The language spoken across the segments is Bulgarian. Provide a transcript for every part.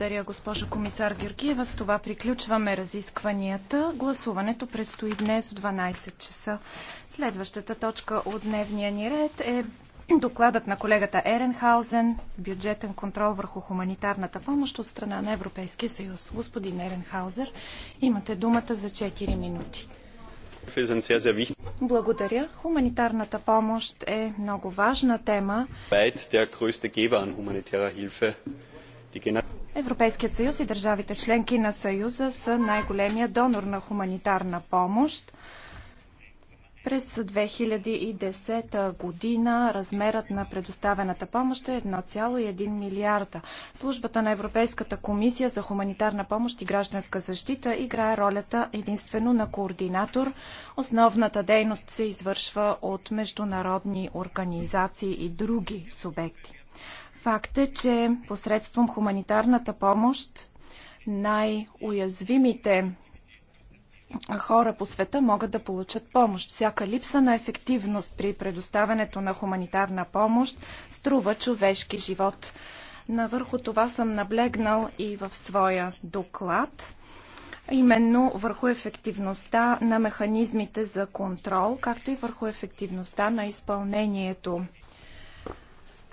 Благодаря, госпожо комисар Георгиева. С това приключваме разискванията. Гласуването предстои днес в 12 часа. Следващата точка от дневния ни ред е докладът на колегата Еренхаузен бюджетен контрол върху хуманитарната помощ от страна на Европейския съюз. Господин Еренхаузер, имате думата за 4 минути. Благодаря. Хуманитарната помощ е много важна тема. Е Европейският съюз и държавите членки на съюза са най-големия донор на хуманитарна помощ. През 2010 година размерът на предоставената помощ е 1,1 милиарда. Службата на Европейската комисия за хуманитарна помощ и гражданска защита играе ролята единствено на координатор. Основната дейност се извършва от международни организации и други субекти. Факт е, че посредством хуманитарната помощ най-уязвимите хора по света могат да получат помощ. Всяка липса на ефективност при предоставянето на хуманитарна помощ струва човешки живот. Навърху това съм наблегнал и в своя доклад именно върху ефективността на механизмите за контрол, както и върху ефективността на изпълнението.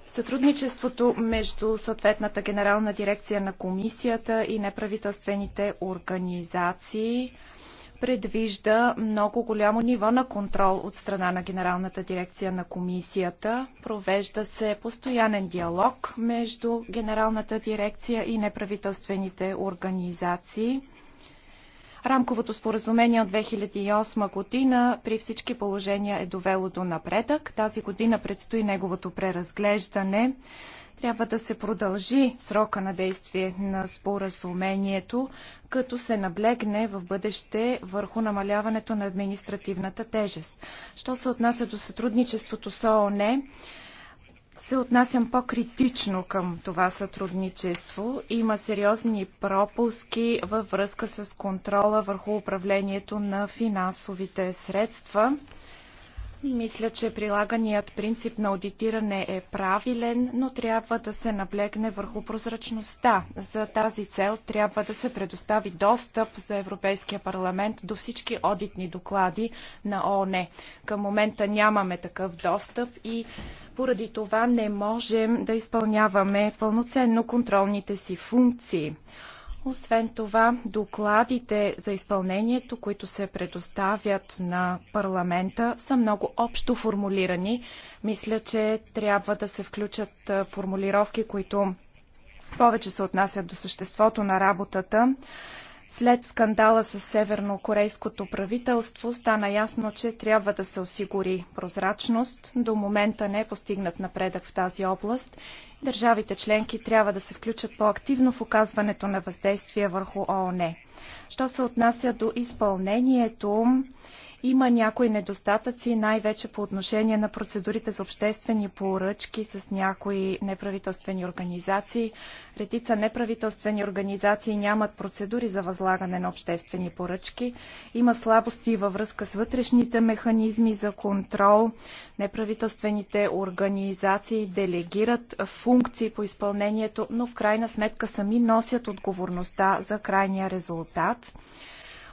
Сътрудничеството между съответната генерална дирекция на комисията и неправителствените организации предвижда много голямо ниво на контрол от страна на Генералната дирекция на комисията. Провежда се постоянен диалог между Генералната дирекция и неправителствените организации. Рамковото споразумение от 2008 година при всички положения е довело до напредък. Тази година предстои неговото преразглеждане. Трябва да се продължи срока на действие на споразумението, като се наблегне в бъдеще върху намаляването на административната тежест. Що се отнася до сътрудничеството с ООН, се отнасям по-критично към това сътрудничество. Има сериозни пропуски във връзка с контрола върху управлението на финансовите средства. Мисля, че прилаганият принцип на аудитиране е правилен, но трябва да се наблегне върху прозрачността. За тази цел трябва да се предостави достъп за Европейския парламент до всички одитни доклади на ООН. Към момента нямаме такъв достъп и поради това не можем да изпълняваме пълноценно контролните си функции. Освен това, докладите за изпълнението, които се предоставят на парламента, са много общо формулирани. Мисля, че трябва да се включат формулировки, които повече се отнасят до съществото на работата. След скандала с севернокорейското правителство стана ясно, че трябва да се осигури прозрачност. До момента не е постигнат напредък в тази област. Държавите членки трябва да се включат по-активно в оказването на въздействие върху ООН. Що се отнася до изпълнението, има някои недостатъци, най-вече по отношение на процедурите за обществени поръчки с някои неправителствени организации. Редица неправителствени организации нямат процедури за възлагане на обществени поръчки. Има слабости във връзка с вътрешните механизми за контрол. Неправителствените организации делегират функции по изпълнението, но в крайна сметка сами носят отговорността за крайния резултат.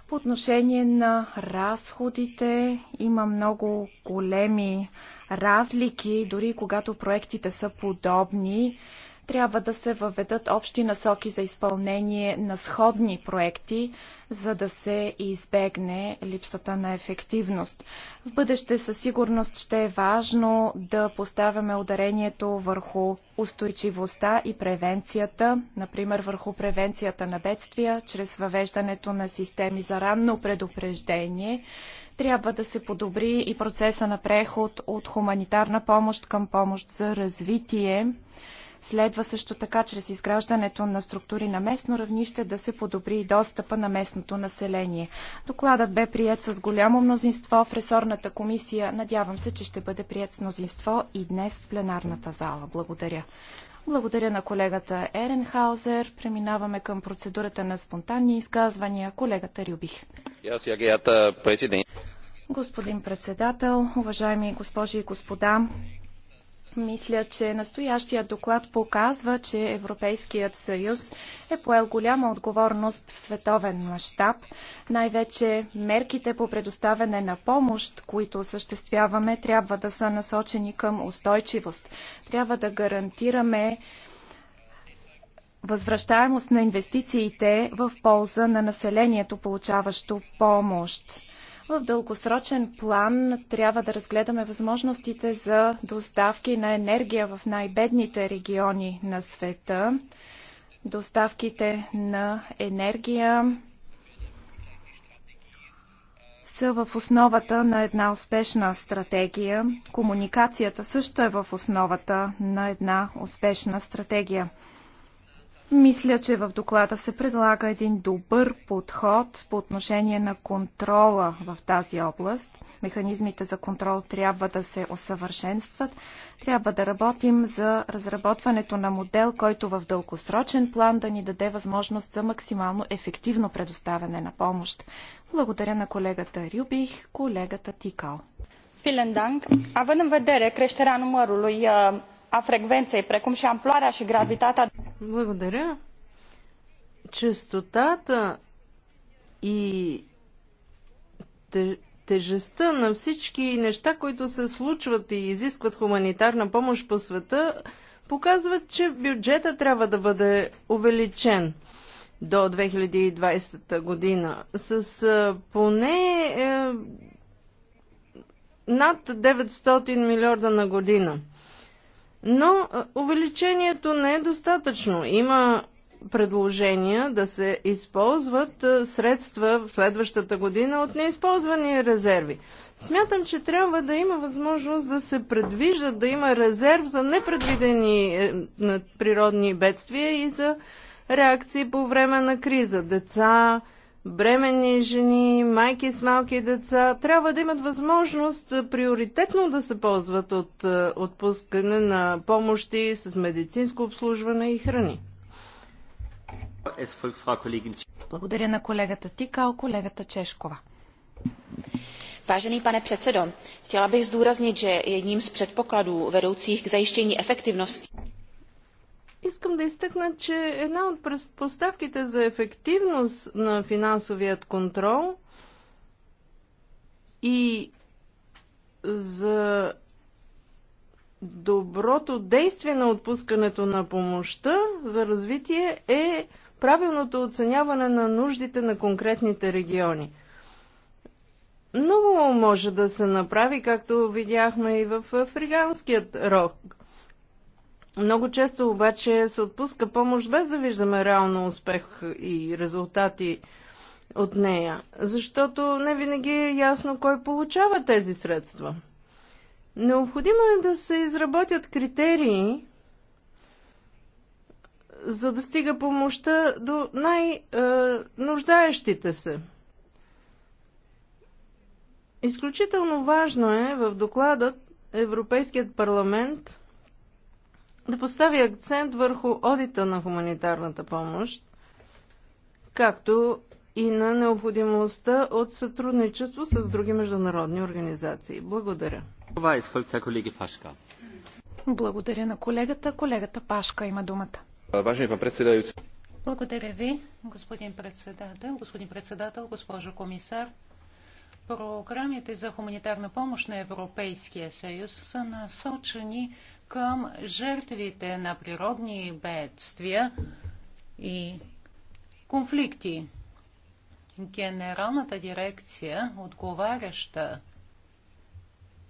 По отношение на разходите има много големи разлики, дори когато проектите са подобни трябва да се въведат общи насоки за изпълнение на сходни проекти, за да се избегне липсата на ефективност. В бъдеще със сигурност ще е важно да поставяме ударението върху устойчивостта и превенцията, например върху превенцията на бедствия, чрез въвеждането на системи за ранно предупреждение. Трябва да се подобри и процеса на преход от хуманитарна помощ към помощ за развитие. Следва също така, чрез изграждането на структури на местно равнище, да се подобри и достъпа на местното население. Докладът бе прият с голямо мнозинство в ресорната комисия. Надявам се, че ще бъде прият с мнозинство и днес в пленарната зала. Благодаря. Благодаря на колегата Еренхаузер. Преминаваме към процедурата на спонтанни изказвания. Колегата Рюбих. Господин председател, уважаеми госпожи и господа, мисля, че настоящия доклад показва, че Европейският съюз е поел голяма отговорност в световен мащаб. Най-вече мерките по предоставяне на помощ, които осъществяваме, трябва да са насочени към устойчивост. Трябва да гарантираме възвръщаемост на инвестициите в полза на населението, получаващо помощ в дългосрочен план трябва да разгледаме възможностите за доставки на енергия в най-бедните региони на света. Доставките на енергия са в основата на една успешна стратегия. Комуникацията също е в основата на една успешна стратегия. Мисля, че в доклада се предлага един добър подход по отношение на контрола в тази област. Механизмите за контрол трябва да се усъвършенстват. Трябва да работим за разработването на модел, който в дългосрочен план да ни даде възможност за максимално ефективно предоставяне на помощ. Благодаря на колегата Рюбих, колегата Тикал. Având în vedere creșterea numărului a frecvenței, precum și amploarea și gravitatea благодаря. Честотата и тежестта на всички неща, които се случват и изискват хуманитарна помощ по света, показват, че бюджета трябва да бъде увеличен до 2020 година с поне е, над 900 милиарда на година. Но увеличението не е достатъчно. Има предложения да се използват средства в следващата година от неизползвани резерви. Смятам, че трябва да има възможност да се предвижда, да има резерв за непредвидени е, природни бедствия и за реакции по време на криза. Деца, бременни жени, майки с малки деца, трябва да имат възможност приоритетно да се ползват от е, отпускане на помощи с медицинско обслужване и храни. Благодаря на колегата Тикал, колегата Чешкова. Vážený pane předsedo, chtěla bych zdůraznit, že jedním z předpokladů vedoucích k zajištění efektivnosti Искам да изтъкна, че една от предпоставките за ефективност на финансовият контрол и за доброто действие на отпускането на помощта за развитие е правилното оценяване на нуждите на конкретните региони. Много може да се направи, както видяхме и в Африканският рог. Много често обаче се отпуска помощ без да виждаме реално успех и резултати от нея, защото не винаги е ясно кой получава тези средства. Необходимо е да се изработят критерии, за да стига помощта до най-нуждаещите се. Изключително важно е в докладът Европейският парламент да постави акцент върху одита на хуманитарната помощ, както и на необходимостта от сътрудничество с други международни организации. Благодаря. Това е изфолта колеги Пашка. Благодаря на колегата. Колегата Пашка има думата. председател. Благодаря ви, господин председател, господин председател, госпожо комисар. Програмите за хуманитарна помощ на Европейския съюз са насочени към жертвите на природни бедствия и конфликти. Генералната дирекция, отговаряща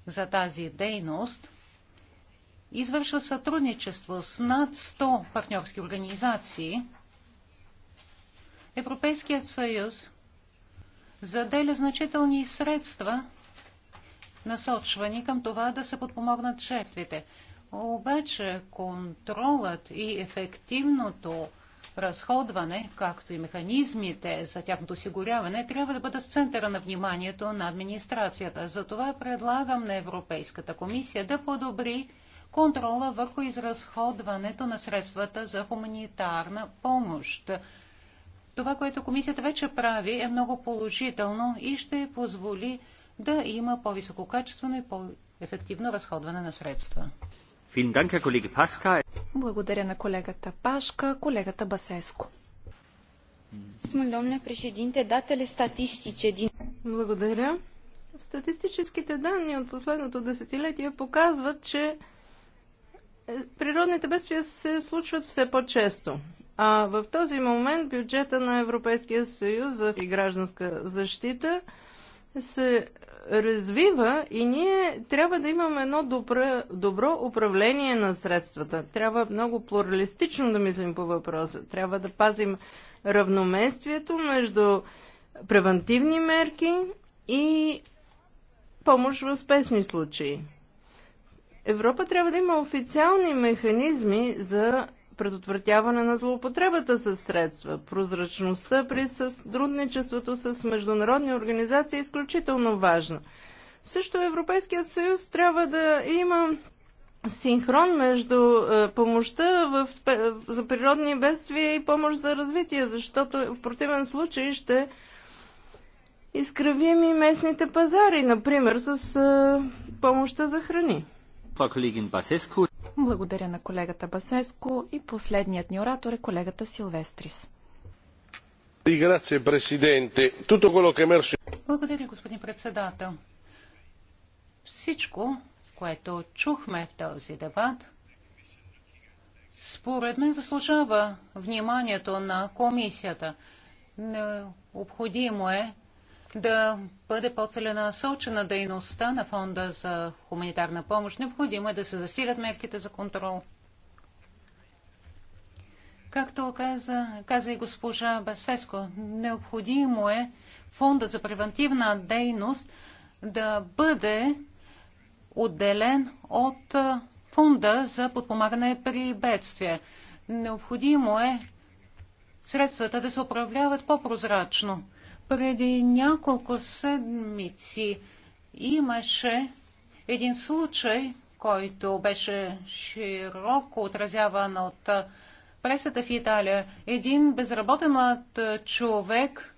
за тази дейност, извършва сътрудничество с над 100 партньорски организации. Европейският съюз заделя значителни средства, насочвани към това да се подпомогнат жертвите. Обаче контролът и ефективното разходване, както и механизмите за тяхното осигуряване, трябва да бъдат в центъра на вниманието на администрацията. Затова предлагам на Европейската комисия да подобри контрола върху изразходването на средствата за хуманитарна помощ. Това, което комисията вече прави, е много положително и ще позволи да има по-висококачествено и по-ефективно разходване на средства. Благодаря на колегата Пашка, колегата Басеско. Благодаря. Статистическите данни от последното десетилетие показват, че е, природните бедствия се случват все по-често. А в този момент бюджета на Европейския съюз за и гражданска защита се е, развива и ние трябва да имаме едно добро, добро управление на средствата. Трябва много плуралистично да мислим по въпроса. Трябва да пазим равноместието между превентивни мерки и помощ в спешни случаи. Европа трябва да има официални механизми за предотвратяване на злоупотребата с средства. Прозрачността при сътрудничеството с международни организации е изключително важна. Също Европейският съюз трябва да има синхрон между е, помощта в, за природни бедствия и помощ за развитие, защото в противен случай ще изкривим и местните пазари, например с е, помощта за храни. Това колегин Басеско. Благодаря на колегата Басеско и последният ни оратор е колегата Силвестрис. Благодаря, господин председател. Всичко, което чухме в този дебат, според мен заслужава вниманието на комисията. Необходимо е да бъде по-целенасочена дейността на Фонда за хуманитарна помощ. Необходимо е да се засилят мерките за контрол. Както каза, каза и госпожа Басеско, необходимо е Фондът за превентивна дейност да бъде отделен от Фонда за подпомагане при бедствия. Необходимо е средствата да се управляват по-прозрачно. Преди няколко седмици имаше един случай, който беше широко отразяван от пресата в Италия. Един безработен млад човек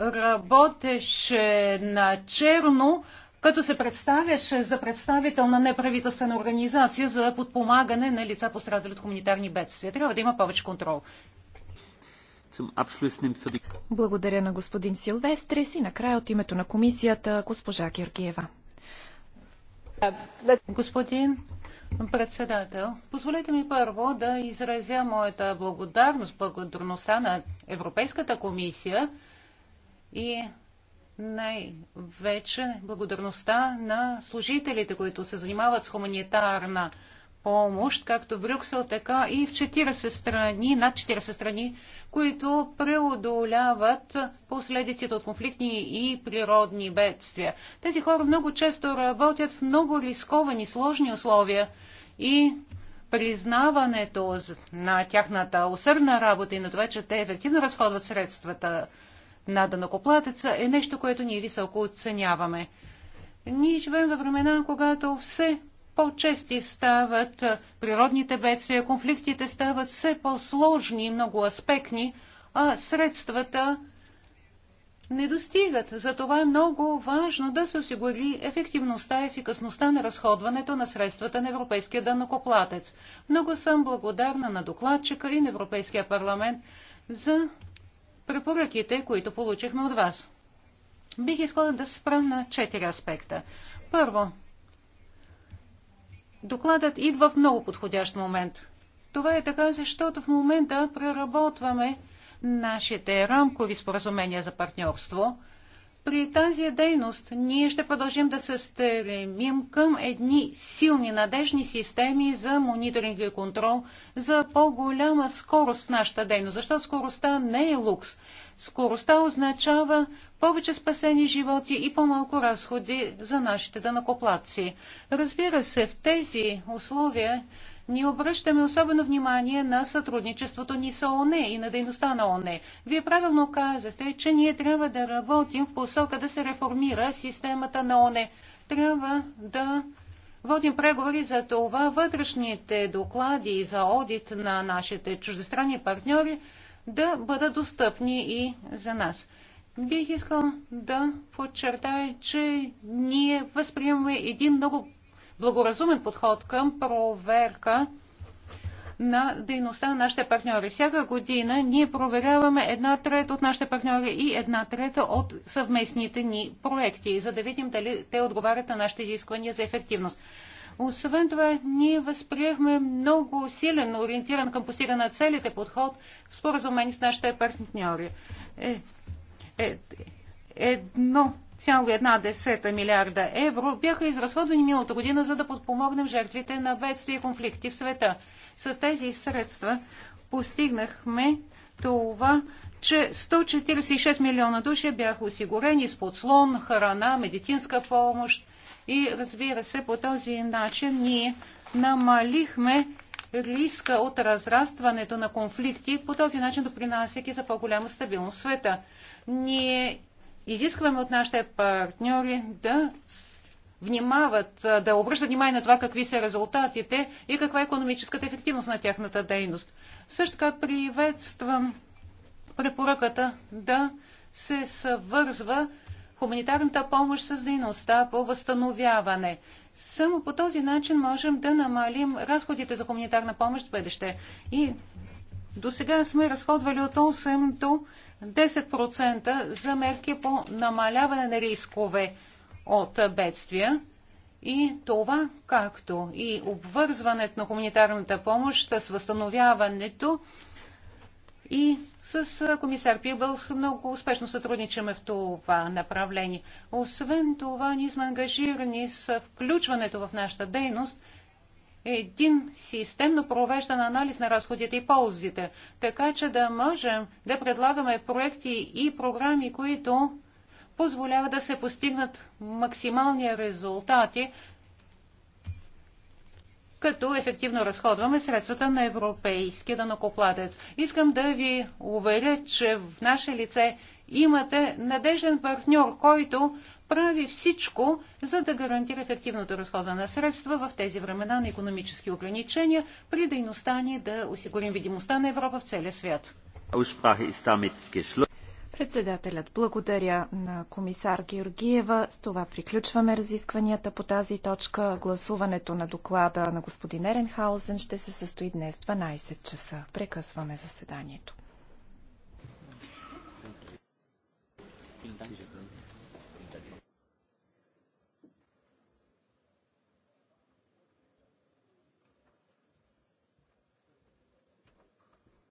работеше на черно, като се представяш за представител на неправителствена организация за подпомагане на лица пострадали от хуманитарни бедствия. Трябва да има повече контрол. Благодаря на господин Силвестрис и накрая от името на комисията госпожа Георгиева. Господин председател, позволете ми първо да изразя моята благодарност, благодарността на Европейската комисия и най-вече благодарността на служителите, които се занимават с хуманитарна помощ, както в Брюксел, така и в 40 страни, над 40 страни, които преодоляват последиците от конфликтни и природни бедствия. Тези хора много често работят в много рисковани, сложни условия и признаването на тяхната усърдна работа и на това, че те ефективно разходват средствата на данокоплатеца е нещо, което ние високо оценяваме. Ние живеем във времена, когато все по-чести стават природните бедствия, конфликтите стават все по-сложни и многоаспектни, а средствата не достигат. Затова е много важно да се осигури ефективността и ефикасността на разходването на средствата на европейския данокоплатец. Много съм благодарна на докладчика и на Европейския парламент за препоръките, които получихме от вас. Бих искала да спра на четири аспекта. Първо, докладът идва в много подходящ момент. Това е така, защото в момента преработваме нашите рамкови споразумения за партньорство – при тази дейност ние ще продължим да се стремим към едни силни, надежни системи за мониторинг и контрол за по-голяма скорост в нашата дейност, защото скоростта не е лукс. Скоростта означава повече спасени животи и по-малко разходи за нашите данакоплаци. Разбира се, в тези условия ние обръщаме особено внимание на сътрудничеството ни с ООН и на дейността на ООН. Вие правилно казахте, че ние трябва да работим в посока да се реформира системата на ОНЕ. Трябва да Водим преговори за това вътрешните доклади за одит на нашите чуждестранни партньори да бъдат достъпни и за нас. Бих искал да подчертая, че ние възприемаме един много благоразумен подход към проверка на дейността на нашите партньори. Всяка година ние проверяваме една трета от нашите партньори и една трета от съвместните ни проекти, за да видим дали те отговарят на нашите изисквания за ефективност. Освен това, ние възприехме много силен, ориентиран към постигане на целите подход в споразумение с нашите партньори. Е, е, е едно 1,1 милиарда евро бяха изразходвани миналата година, за да подпомогнем жертвите на бедствия и конфликти в света. С тези средства постигнахме това, че 146 милиона души бяха осигурени с подслон, храна, медицинска помощ и разбира се, по този начин ние намалихме риска от разрастването на конфликти, по този начин допринасяйки за по-голяма стабилност в света. Ние Изискваме от нашите партньори да внимават, да обръщат внимание на това какви са резултатите и каква е економическата ефективност на тяхната дейност. Също така приветствам препоръката да се съвързва хуманитарната помощ с дейността по възстановяване. Само по този начин можем да намалим разходите за хуманитарна помощ в бъдеще. И до сега сме разходвали от 8 до 10% за мерки по намаляване на рискове от бедствия. И това, както и обвързването на хуманитарната помощ с възстановяването и с комисар Пибъл много успешно сътрудничаме в това направление. Освен това, ние сме ангажирани с включването в нашата дейност – един системно провеждан анализ на разходите и ползите, така че да можем да предлагаме проекти и програми, които позволяват да се постигнат максимални резултати, като ефективно разходваме средствата на европейския данокопладец. Искам да ви уверя, че в наше лице имате надежден партньор, който прави всичко, за да гарантира ефективното разхода на средства в тези времена на економически ограничения, при дейността ни да осигурим видимостта на Европа в целия свят. Председателят благодаря на комисар Георгиева. С това приключваме разискванията по тази точка. Гласуването на доклада на господин Еренхаузен ще се състои днес 12 часа. Прекъсваме заседанието.